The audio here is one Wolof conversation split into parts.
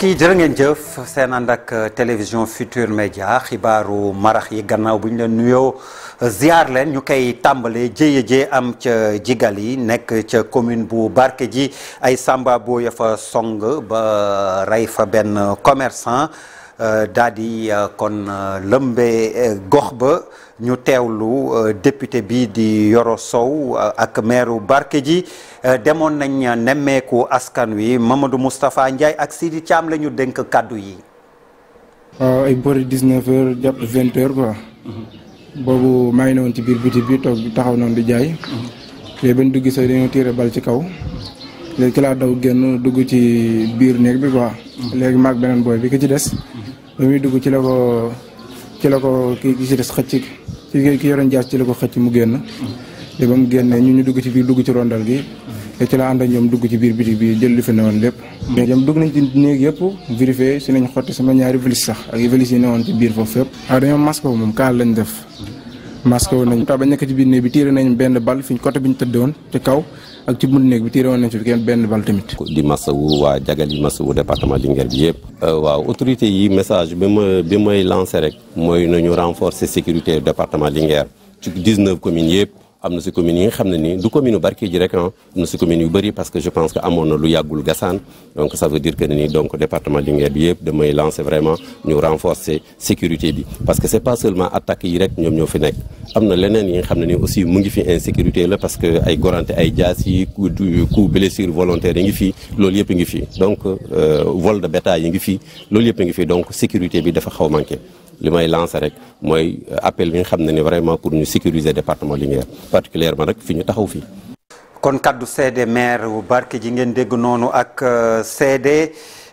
mbokk yi ngeen jëf seen andak ak euh, télévision Futur Média xibaaru marax yi gannaaw bu ñu leen nuyoo ziar leen ñu koy tàmbalee jéye jee am ca jigal yi nekk ca commune bu barke ji ay samba boo ya fa song ba euh, rey fa benn commerçant Euh, daa di euh, kon euh, lëmbee gox ba ñu teewlu député bi di Yoro Sow ak barke ji demoon nañ nemmeeku askan wi Mamadou Moustapha Ndiaye ak Sidi Thiam la ñu dénk kàddu yi. waaw ay boori 19h jàpp 20h quoi. Mhm. boobu maa ngi woon ci biir biti bi toog taxaw noonu di jaay. mais mhm. bañ dugg sax dañoo tiire bal ci kaw. léegi ci laa daw génn dugg ci biir néeg bi quoi. Mhm. léegi maag beneen booy bi ki ci des. Mhm. ba muy dugg ci la ko ci la ko ki ci des xëcc ci ki yoroon jaas ci la ko xëcc mu génn. te mhm. ba mu génnee ñu ñu dugg ci biir dugg ci rondal gi. te ci la ànd ak ñoom dugg ci biir bitig bi jël lu fi newoon lépp. mais ñoom dugg nañ ci néeg yëpp vérifié si nañ xotti sama ñaari valise sax ak valise yi newoon ci biir foofu fépp. waaw ah, dañoo masque wu moom kaal lañ def. masque wu nañ. tax ba nekk ci biir néeg bi tiire nañ benn bal fi côté bi ñu tëddewoon ci kaw. ak ci bunt néeg bi tiire woon nañ ci fi benn bal tamit. di masawu waa jagal di masawu département Linguère bi yëpp. Euh, waaw autorité yi message bi ma bi may lancé rek mooy na ñu renforcer sécurité département Linguère ci 19 communes yëpp. am na si commune yi nga xam ne ni du commune u Barke rek ah, am na si communes yu bëri parce que je pense que amoon na lu yàggul gasaan donc sa veut dire que nii donc département Linguère bi yëpp damay lancer vraiment ñu renforcer sécurité bi parce que c'est pas seulement attaque yi rek ñoom ñoo fi nekk am na leneen yi nga xam na ni aussi mu ngi fi insécurité la parce que ay gorante ay jaas yi coup blessure volontaire yi ngi fi loolu yëpp ngi fi donc euh, vol de bétail ngi fi loolu yëpp ngi fi donc sécurité bi dafa xaw manqué li may lancé rek mooy euh, appel bi nga xam ne ni vraiment pour ñu sécuriser département Linguère particulièrement rek fi ñu taxaw fi kon kàddu seede maire bu barke ji ngeen dégg noonu ak seede euh,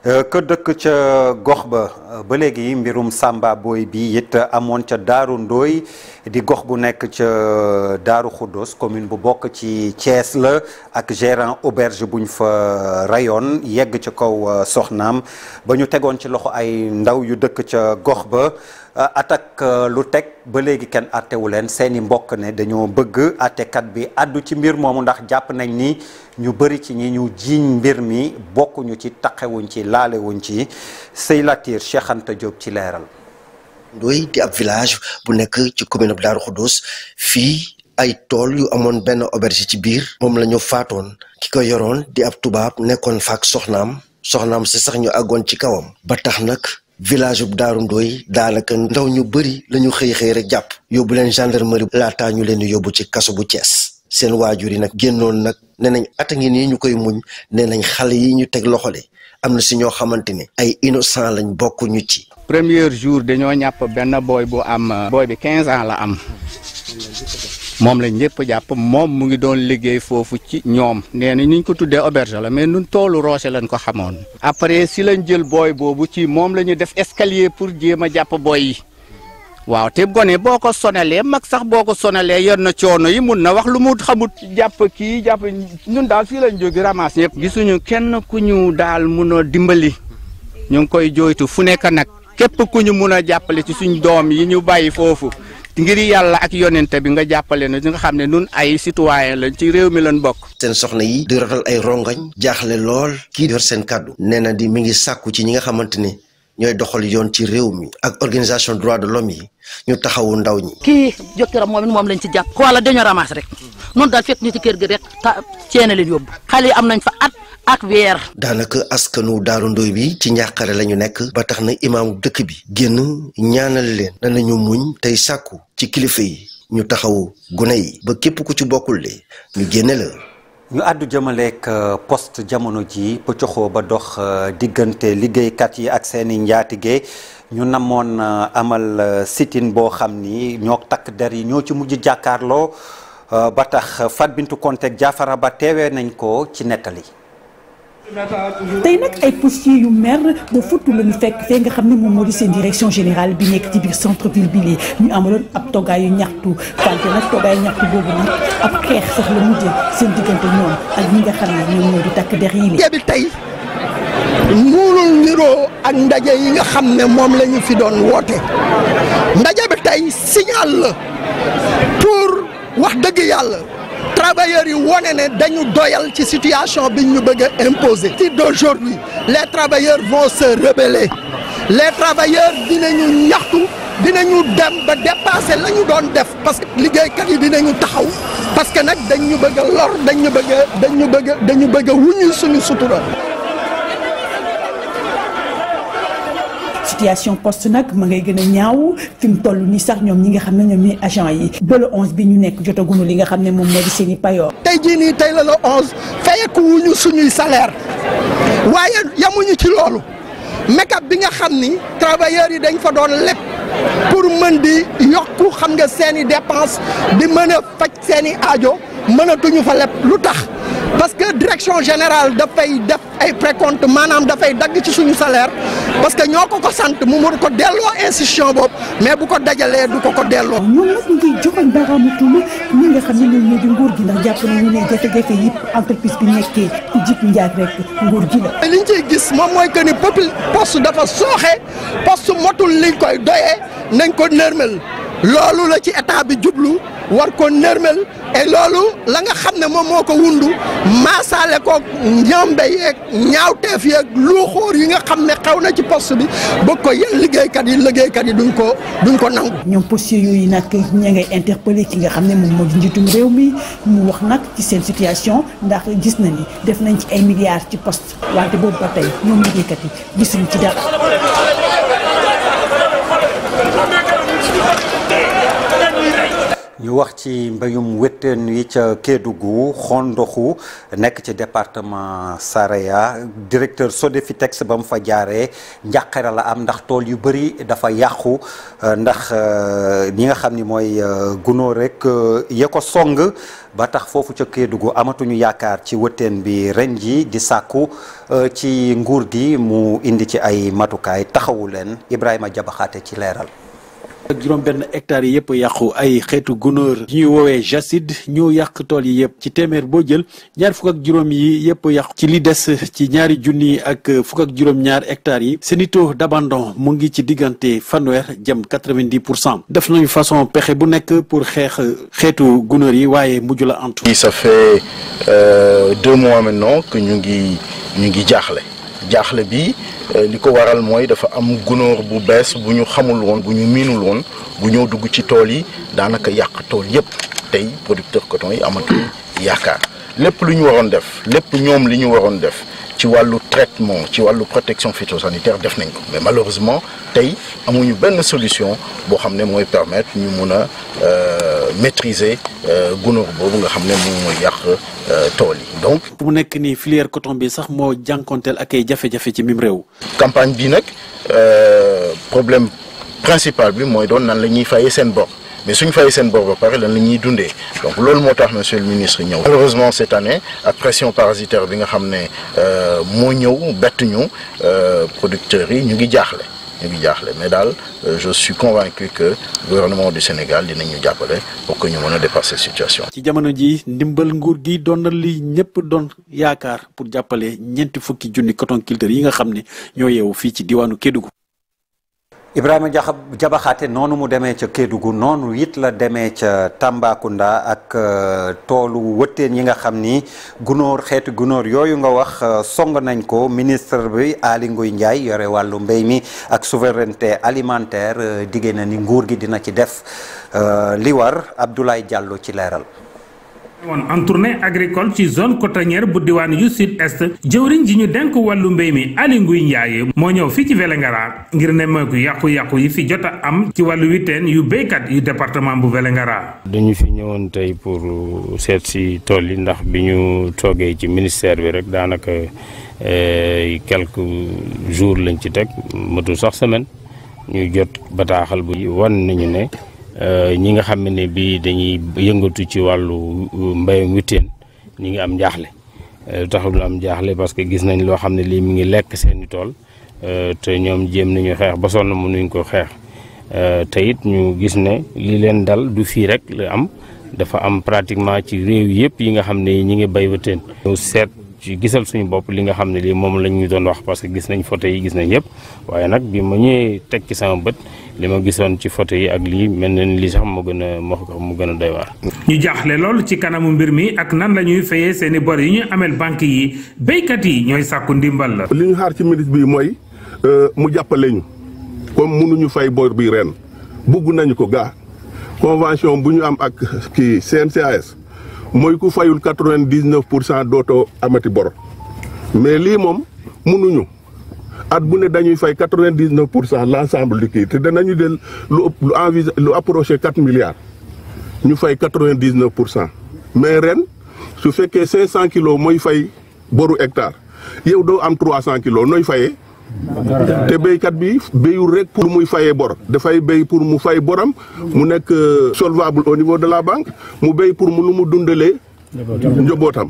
euh, ka dëkk ca gox ba ba léegi mbirum Samba booy bi it amoon ca Daaru Ndooy di gox bu nekk ca Daaru Xuddos commune bu bokk ci Thiès la ak gérant auberge buñ fa rayoon yegg ca kaw soxnaam ba ñu tegoon ci loxo ay ndaw yu dëkk ca gox ba Euh, attaque euh, lu teg ba léegi kenn attewu leen seen i mbokk ne dañoo bëgg attekat bi addu ci mbir moomu ndax jàpp nañ ni ñu bëri ci ñi ñu jiiñ mbir mi bokkuñu ci taqewuñ ci laalewuñ ci sëy latir Cheikh Anta ci leeral Ndoy di ab village bu nekk ci commune bu Daaru Xudoos fii ay tool yu amoon benn auberge ci biir moom lañu faatoon ki ko yoroon di ab tubaab nekkoon faak soxnaam soxnaam si sax ñu àggoon ci kawam ba tax nag village bu Daaru Ndooy daanaka ndaw ñu bëri la ñu xëy xëy rek jàpp yóbbu leen genre gendarmerie laataa ñu leen yóbbu ci kaso bu Cees seen waajur yi nag génnoon nag nee nañ at ngi nii ñu koy muñ nee nañ xale yi ñu teg loxole am na si ñoo xamante ne ay innocent lañ bokk ñu ci. premier jour dañoo ñàpp benn booy bu am. booy bi quinze ans la am. moom lañ ñëpp jàpp moom mu ngi doon liggéey foofu ci ñoom nee ni ñu ko tuddee auberge la mais nun toolu roose lañ ko xamoon. après si lañ jël booy boobu ci moom la ñu def escalier pour jéem a jàpp booy yi waaw te gone boo ko sonalee mag sax boo ko sonalee yor na coono yi mun na wax lu mu xamut jàpp kii jàpp ñun daal fii lañ jógee ramas ñëpp. gisuñu kenn ku ñu daal mun a dimbali ñu ngi koy jooytu fu nekk nag képp ku ñu mun a jàppale ci suñ doom yi ñu bàyyi foofu. ngir yàlla ak yonente bi nga jàppale na ñi nga xam ne nun ay citoyen lañ ci réew mi lañ bokk seen soxna yi di ratal ay rongañ jaaxle lool kii defar seen kàddu nee di mi ngi sàkku ci ñi nga xamante ne ñooy doxal yoon ci réew mi ak organisation droit de l'homme yi ñu taxawu ndaw ñi kii jëkkëram moom it moom lañ ci jàpp xoola dañoo ramasse rek noonu daal fekk ñu ci kër gi rek ceene leen yóbbu xale am nañ fa at ak daanaka askanu Daaru Ndoy bi ci njàqare lañu nekk ba tax na imaamu dëkk bi génn ñaanal leen danañu muñ tey sàkku ci kilifa yi ñu taxawu gune yi ba képp ku ci bokkul de ñu génne la. ñu àddu jëmaleek euh, post jamono ji ba ba dox euh, diggante liggéeykat yi ak seeni njaatige ñu namoon euh, amal sitin boo xam ni ñoo takk der yi ñoo ci mujj jàkkaarloo ba tax Fat bintu Konté Jaafara ba teewee nañ ko ci nettali tey nag ay postiers yu mer ba fottu lañu ñu fekk fee nga xam ne moom moo di seen direction général bi nekk ci biir centre ville bi lee ñu amaloon ab toggaayu ñaxtu wante nag toggaayu ñaxtu boobu nag ab xeex sax la mujjee seen diggante ñoom ak ñi nga xam ne ñoom ñoo di takk der yi lee bi tey muulul niroo ak ndaje xam ne moom la ñu fi doon woote ndaje bi tey signal la pour wax dëgg yàlla travailleurs yi wone ne dañu doyal ci situation biñ ñu bëgg a imposer. ci d'aujourd'hui les travailleurs vont se rebeller les travailleurs dinañu ñaxtu dinañu dem ba dépasser la ñu doon def parce que liggéeykat yi ñu taxaw parce que nag dañ bëgga bëgg a lor dañ ñu bëgg a dañ ñu bëgg a bëgg a wuñu suñu sutura. situation poste nag ma ngay gën a ñaaw fi mu nii sax ñoom ñi nga xam ne ñoom ñuy agent yi ba le bi ñu nekk jotaguñu li nga xam ne moom moo di seen i payoor. tey jii nii tey la le onze fayeku wuñu suñuy salaire waaye yamuñu ci loolu mékap bi nga xam ni travailleurs yi dañ fa doon lépp pour mën di yokku xam nga seeni i dépense di mën faj seen i aajo mënatuñu fa lépp lu tax. parce que direction générale dafay def ay préconte maanaam dafay dagg ci suñu salaire parce que ñoo ko ko sant mu mun ko delloo institution boobu mais bu ko dajalee du ko ko delloo. ñoom ngi ñi nga xam ne ñoom ñoo di nguur gi ndax jàpp nañu ne jafe-jafe yi entreprise bi nekkee jib njaag rek nguur gi la. li ñu ciy gis moom mooy que ni popul poste dafa sooxe poste motul liñ koy doyee nañ ko nërmel loolu la ci état bi jublu. war ko nërmel et loolu la nga xam ne moom moo ko wundu maasaale ko ñaambe yeeg ñaawteef lu luuxóor yi nga xam ne xew na ci post bi bëgg ko yéen liggéeykat yi liggéeykat yi duñ ko duñ ko nangu. ñoom postiers yooyu nag ña ngay interpellé ki nga xam ne moom moo di njiitum réew mi mu wax nag ci seen situation ndax gis na ni def nañ ci ay milliards ci post wante boobu ba tey ñoom liggéeykat yi gisuñ ci dara. ñu wax ci mbéyum wétteen yi ca Kédougou xondoxu nekk ci département Saraya directeur fi Sodefitex ba mu fa jaaree njàqare la am ndax tool yu bëri dafa yàqu euh, ndax euh, ñi nga xam ni mooy euh, gunóor rek ya ko song ba tax foofu ca Kédougou amatuñu yaakaar ci wëtteen bi ren ji di sàkku ci nguur gi mu indi ci ay matukaay taxawu leen Ibrahima Jabaxaate ci leeral ak juróom-benn hectares yi yëpp yàqu ay xeetu gunóor yi ñuy woowee jacide ñu yàq tool yi yëpp ci téeméer boo jël ñaar fukk ak juróom yi yëpp yàqu ci li des ci ñaari junni ak fukk ak juróom-ñaar hectares yi seeni taux d'abandon mu ngi ci diggante fanweer jëm 90 pour cent def nañu façon pexe bu nekk pour xeex xeetu gunóor yi waaye mujj la antu. ça fait euh, deux mois maintenant ñu ngi ñu ngi jaaxle. jaaxle bi euh, li ko waral mooy dafa am gunóor bu bees bu ñu xamul woon bu ñu miinul woon bu ñëw dugg ci tool yi daanaka yàq tool yépp tey producteur coton yi amatul yaakaar lépp lu ñu waroon def lépp ñoom li ñu waroon def ci wàllu traitement ci wàllu protection phytosanitaire def nañ ko mais malheureusement tey amuñu benn solution boo xam ne mooy permettre ñu mun a euh, maîtriser euh, gunóor boobu nga xam ne moom mooy yàq Euh, tool donc. mu nekk nii filière coton bi sax moo jànkonteel ak ay jafe-jafe ci mim réew. campagne bi nag euh, problème principal bi mooy doon nan la ñuy fayee seen bopp mais suñu fayee seen bopp ba pare lan la ñuy dundee donc loolu moo tax monsieur le ministre ñëw. malheureusement cette année ak pression parasitaire bi nga xam ne euh, moo ñëw bett ñu producteurs yi ñu ngi jaaxle. ñu ngi jaaxle mais daal euh, je suis convaincu que gouvernement du Sénégal dinañu jàppale pour que ñu mën a dépasser situation. ci jamono ji ndimbal nguur gi doon na li ñëpp doon yaakaar pour jàppale ñeenti fukki junni coton culture yi nga xam ne ñoo yeewu fii ci diwaanu Kédougou. Ibrahima Jaxa Jabaxaate noonu mu demee ca gu noonu it la demee ca Tambacounda ak euh, toolu wëtteen yi nga xam ni gunóor xeetu gunóor yooyu nga wax euh, song nañ ko ministre bi Aly nguy Ndiaye yore wàllu mbéy mi ak souveraineté alimentaire euh, diggée na ni nguur gi dina ci def li war Abdoulaye jàlloo ci leeral woon en tournée agricole ci zone cotonnière bu diwaan yu sud est jëwriñ ji ñu denk wàllu mbéy mi Aly Ngouille Ndiaye moo ñëw fii ci Vélingara ngir ne mooy yàqu-yàqu yi fi jot a am ci wàllu witeen yu béykat yu département bu Vélingara dañu fi ñëwoon tey pour seet si tool yi ndax bi ñu toogee ci ministère bi rek daanaka eh, quelque jour lañ ci teg matul sax semaine ñu jot bataaxal bu wan nañu ne Euh, ñi nga xam ne bii dañuy yëngatu ci wàllu euh, mbéyum witteen ñi ngi am njaaxle euh, lu tax lu am njaaxle parce que gis nañ loo xam ne lii mu ngi lekk seeni tool te ñoom jéem nañu xeex ba sonn mënuñ ko xeex te it ñu gis ne li leen dal du fii rek la am dafa am pratiquement ci réew yëpp yi nga xam ne ñi ngi bay witteen ñu seet ci gisal suñu bopp li nga xam ne lii moom lañ ñu doon wax parce que gis nañ photo yi gis nañ yëpp waaye nag bi ma ñëwee teg ci sama bët li ma gisoon ci photo yi ak lii mel na ni lii sax mu gën a mu gën day doy waar. ñu jaaxle lool ci kanamu mbir mi ak nan la ñuy fayee seen bor yi ñuy ameel banque yi béykat yi ñooy sàkku ndimbal la. li ñu xaar ci ministre bi mooy euh, mu jàppale ñu comme mënuñu fay bor bi ren bugg nañu ko gaa convention bu ñu am ak kii CNCAS mooy ku fayul quatre vingt dix pour cent dootoo amati bor mais lii moom mënuñu. at bu ne dañuy fay quatre di dix pour cent l' ensemble du kii te danañu del lu ëpp lu envisé lu approché quatre milliards ñu fay quatre vingt dix pour cent mais ren su fekkee cinq cent kilos mooy fay boru hectare yow doo am trois cent kilos nooy fayee. te béykat bi béyul rek pour muy fayee bor dafay béy pour mu fay boram. mu nekk solvable au niveau de la banque mu béy pour mu lu mu dundalee. njobootam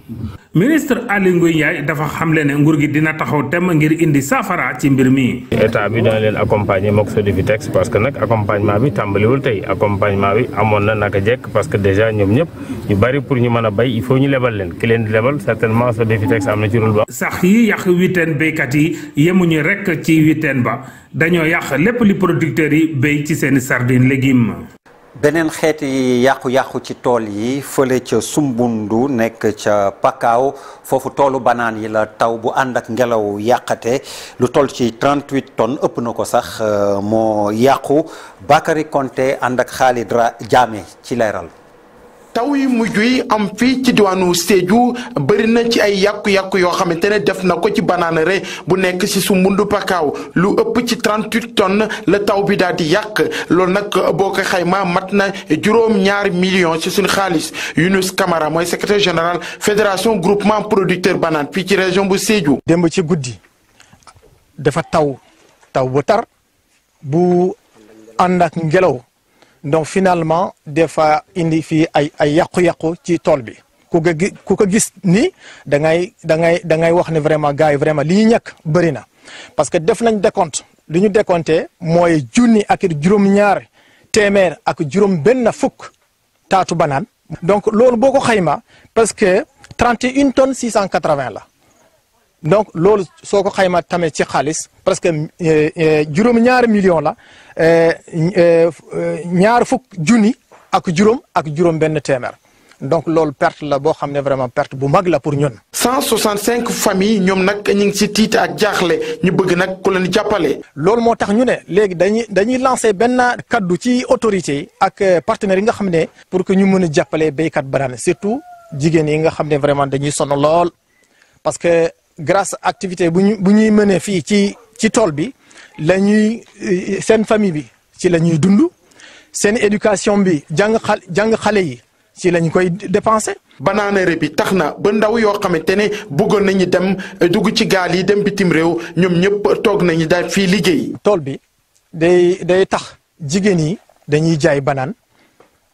ministre Aly Ngouille Ndiaye dafa xamle ne nguur gi dina taxaw tem ngir indi saafara ci mbir mi. état bi dana leen accompagner mook Sodefitex parce que nag accompagnement bi tàmbaliwul tey accompagnement bi amoon na naka jekk parce que déjà ñoom ñëpp ñu bari pour ñu mën a bay il faut ñu lebal leen ki leen di lebal certainement Sodefitex am na ci rôle ba. sax yi yàq witeen béykat yi yemuñu rek ci witeen ba dañoo yàq lépp li producteurs yi béy ci seen sardine légumes. beneen xeeti yàqu-yàqu ci tool yi fële ca Sumbundu nekk ca Pakaaw foofu toolu banaan yi la taw bu ànd ak ngelaw yàqate lu toll ci 38 tonnes ëpp na ko sax euh, moo yàqu Bakary Konté ànd ak Khalid Diamé ci leeral taw yi mujj yi am fii ci diwaanu Sédhiou bëri na ci ay yàqu-yàqu yoo xamante ne def na ko ci rek bu nekk si Soumboundou Pakaaw lu ëpp ci 38 tonnes la taw bi daal di yàq loolu nag boo ko xaymaa mat na juróom-ñaar millions ci suñu xaalis Younous Camara mooy secrétaire général fédération groupement producteur banane fii ci région bu Sédhiou. démb ci guddi dafa taw taw bu tar bu ànd ngelaw. donc finalement dafa indi fii ay ay yàqu-yàqu ci tool bi ku ko gis ku ko gis ni da ngay da ngay da ngay wax ne vraiment gars yi vraiment li ñu ñàkk bëri na parce que def nañ décompte li ñu décompté mooy junni ak juróom-ñaar téeméer ak juróom-benn fukk taatu banaan. donc loolu boo ko xayma parce que 31 tonnes 680 la. donc loolu soo ko xayma tamit ci xaalis presque euh, euh, juróom ñaari million la euh, ñaar fukk junni ak juróom ak juróom benn teemeer donc loolu perte la boo xam ne vraiment perte bu mag la pour ñun. 165 familles ñoom nag ñu ngi ci tiit ak jaaxle ñu bëgg nag ku leen jàppale. loolu moo tax ñu ne léegi dañuy dañuy lancer benn kaddu ci autorités yi ak partenaires yi nga xam ne pour que ñu mën a jàppale béykat Barhane surtout jigéen yi nga xam ne vraiment dañuy sonn lool parce que. grâce activité bu ñu bu ñuy mënee fii ci ci tool bi la ñuy euh, seen famille bi si la ñuy dund seen éducation bi jàng xale yi si lañ koy dépensé. banaanare bi tax na ba ndaw yoo xamante ne bëggoon nañu dem euh, dugg ci gaal yi dem bitim réew ñoom ñëpp toog nañu daal fii liggéey. tool bi day day tax jigéen yi dañuy jaay banaan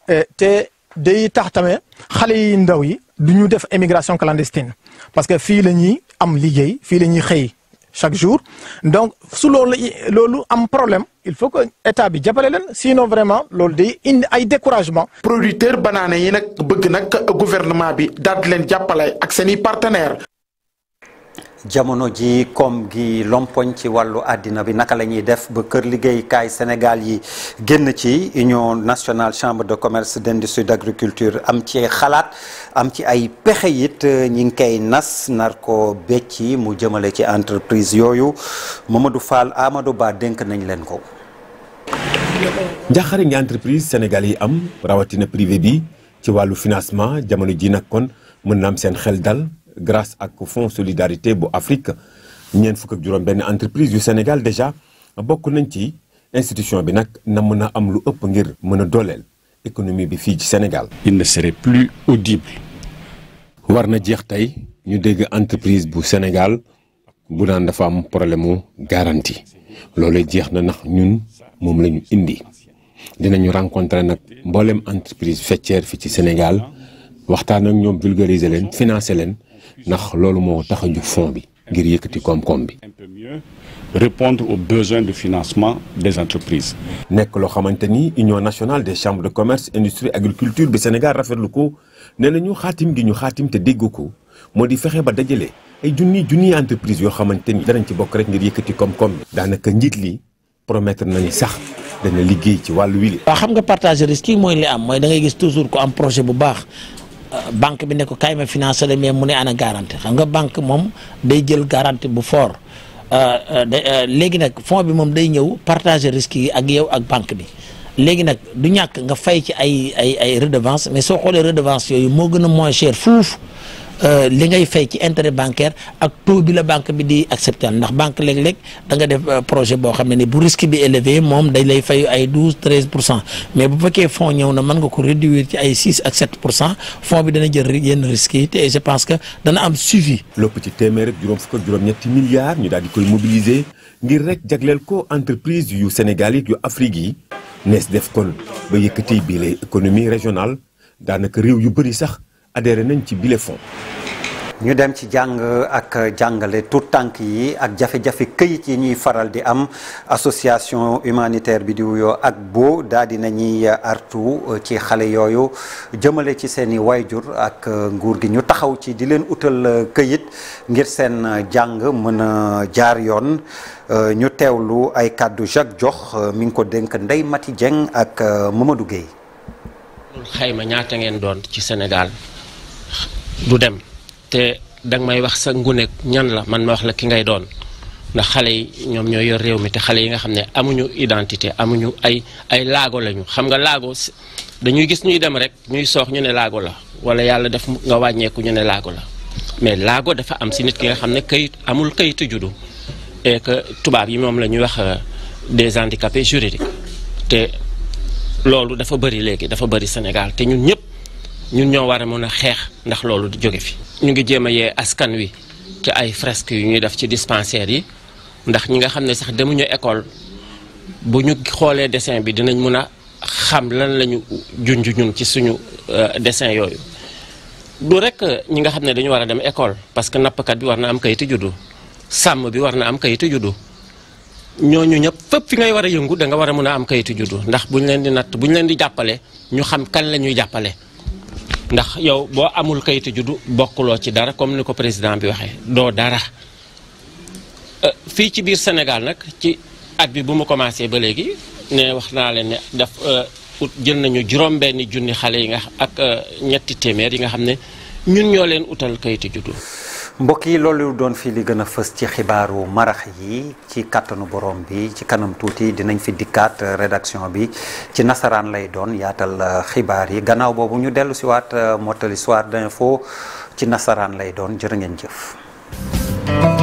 euh, te day tax tamit xale yi ndaw yi du ñu def émigration clandestine. parce que fii la ñuy am liggéey fii la ñuy xëy chaque jour donc su loolu loolu am problème il faut que état bi jàppale leen sinon vraiment loolu day indi ay découragement producteur banaane yi nag bëgg nag gouvernement bi daal leen jàppale ak seen i partenaires jamono ji koom gi lompoñ ci wàllu àddina bi naka la ñuy def ba kër liggéeykaay Sénégal yi génn ci union national chambre de commerce d'industrie d'agriculture am ci xalaat am ci ay pexe yit ñi ngi koy nas nar ko becci mu jëmale ci entreprise yooyu Mamadou Fall Amadou Ba dénk nañ leen ko jaxare ngi entreprise Sénégal yi am rawatina privé bi ci wàllu financement jamono ji nag kon mën na am seen xel dal grace ak fonds solidarité bu Afrique ñeent fukk ak juróom entreprise yu Sénégal déjà bokk nañ ci institution bi nag na mën a am lu ëpp ngir mën a dooleel économie bi fii ci Sénégal. il ne serait plus audible. war na jeex tey ñu dégg entreprise bu Sénégal bu daan dafa am problème mu garantie loolu jeex na ndax ñun moom la ñu indi dinañu rencontrer nag mboolem entreprise faîtière fii ci Sénégal waxtaan ak ñoom vulgariser leen financer leen. ndax loolu moo tax a jug fonds bi ngir yëkkati koom-koom bi. répondre aux besoins de financement des entreprises. nekk loo xamante ni union nationale des chambres de commerce industrie agriculture bi Sénégal rafetlu ko nee na ñu xaatim gi ñu xaatim te dégg ko moo di fexe ba dajale ay junni junni entreprise yoo xamante ni danañ ci bokk rek ngir yëkkati koom-koom bi. daanaka njiit li promettre nañu sax dana liggéey ci wàllu wile. waaw xam nga partage mooy am mooy da ngay gis toujours ko am projet bu baax. banque bi ne ko kaay ma financé la mais mu ne ana garantie xam nga banque moom day jël garantie bu fort euh, euh, euh, léegi nag fonds bi moom day ñëw partager risques yi ak yow ak banque bi léegi nag du ñàkk nga fay ci ay ay ay redevance mais soo xoolee redevance yooyu moo gën a moins cher fuuf Euh, li ngay fay ci intérêt bancaire ak taux bi la banque bi di accepter ndax banque léeg-léeg da nga def euh, projet boo xam ne ni bu risque bi élevé moom day lay fay ay douze treize pour cent mais bu fekkee fonds ñëw na mën nga ko réduire ci ay six ak sept pour cent fonds bi dana jël yenn risques yi te je pense que dana am suivi. lopp ci téeméer ak juróom fukk juróom-ñetti milliards ñu daal di koy mobiliser ngir rek jagleel ko entreprise yu Sénégal yi yu Afrique yi def kon ba bii lay économie régionale daanaka réew yu bëri sax. adhéré nañ ci bile fonds ñu dem ci jàng ak jàngale tout tànk yi ak jafe-jafe këyit yi ñuy faral di am association humanitaire bi di wuyoo ak boo daal di nañuy artu ci xale yooyu jëmale ci seen i waayjur ak nguur gi ñu taxaw ci di leen utal këyit ngir seen jàng mën a jaar yoon ñu teewlu ay kàddu Jacques Jox mi ngi ko dénk Ndeye Mati Dieng ak Mamadou Guèye. xayma ñaata ngeen doon ci Sénégal. du dem te danga may wax sa ngune ñan la man ma wax la ki ngay doon ndax xale yi ñoom ñoo yor réew mi te xale yi nga xam ne amuñu identité amuñu ay ay laago lañu xam nga laago dañuy gis ñuy dem rek ñuy soox ñu ne laago la wala yàlla def nga wàññeeku ñu ne laago la mais laago dafa am si nit ki nga xam ne kayit amul kayitu juddu et que tubaab yi moom la ñuy wax euh, des handicapés juridiques te loolu dafa bëri léegi dafa bëri Sénégal te ñun ñëpp ñun ñoo war a mën a xeex ndax loolu di jóge fi. ñu ngi jéem a yee askan wi ci ay fresques yu ñuy def ci dispensaires yi ndax ñi nga xam ne sax demuñu école bu ñu xoolee dessin bi dinañ mën a xam lan lañu junj ñun ci suñu euh, dessin yooyu. du rek ñi nga xam ne war a dem école parce que nappkat bi war na am kayitu juddu sàmm bi war na am kayitu juddu. ñooñu ñëpp fépp fi ngay war a yëngu da nga war a mën a am kayitu juddu ndax bu ñu leen di natt bu ñu leen di jàppale ñu xam kan la ñuy jàppale. ndax yow boo amul kayitu juddu bokkuloo ci dara comme ni ko président bi waxee doo dara euh, fii ci biir Sénégal nag ci at bi bu mu commencé ba léegi ne wax naa leen ne daf euh, ut jël nañu juróom-benni junni xale yi nga ak euh, ñetti téeméer yi nga xam ne ñun ñoo leen utal kayitu juddu. mbokk yi loolu doon fii li gën a fës ci xibaaru marax yi ci kattanu borom bi ci kanam tuuti dinañ fi dikkaat euh, rédaction bi ci nasaraan lay doon yaatal euh, xibaar yi gannaaw boobu ñu dellu si waat euh, mottali soir d'info ci nasaraan lay doon jërë ngeen jëf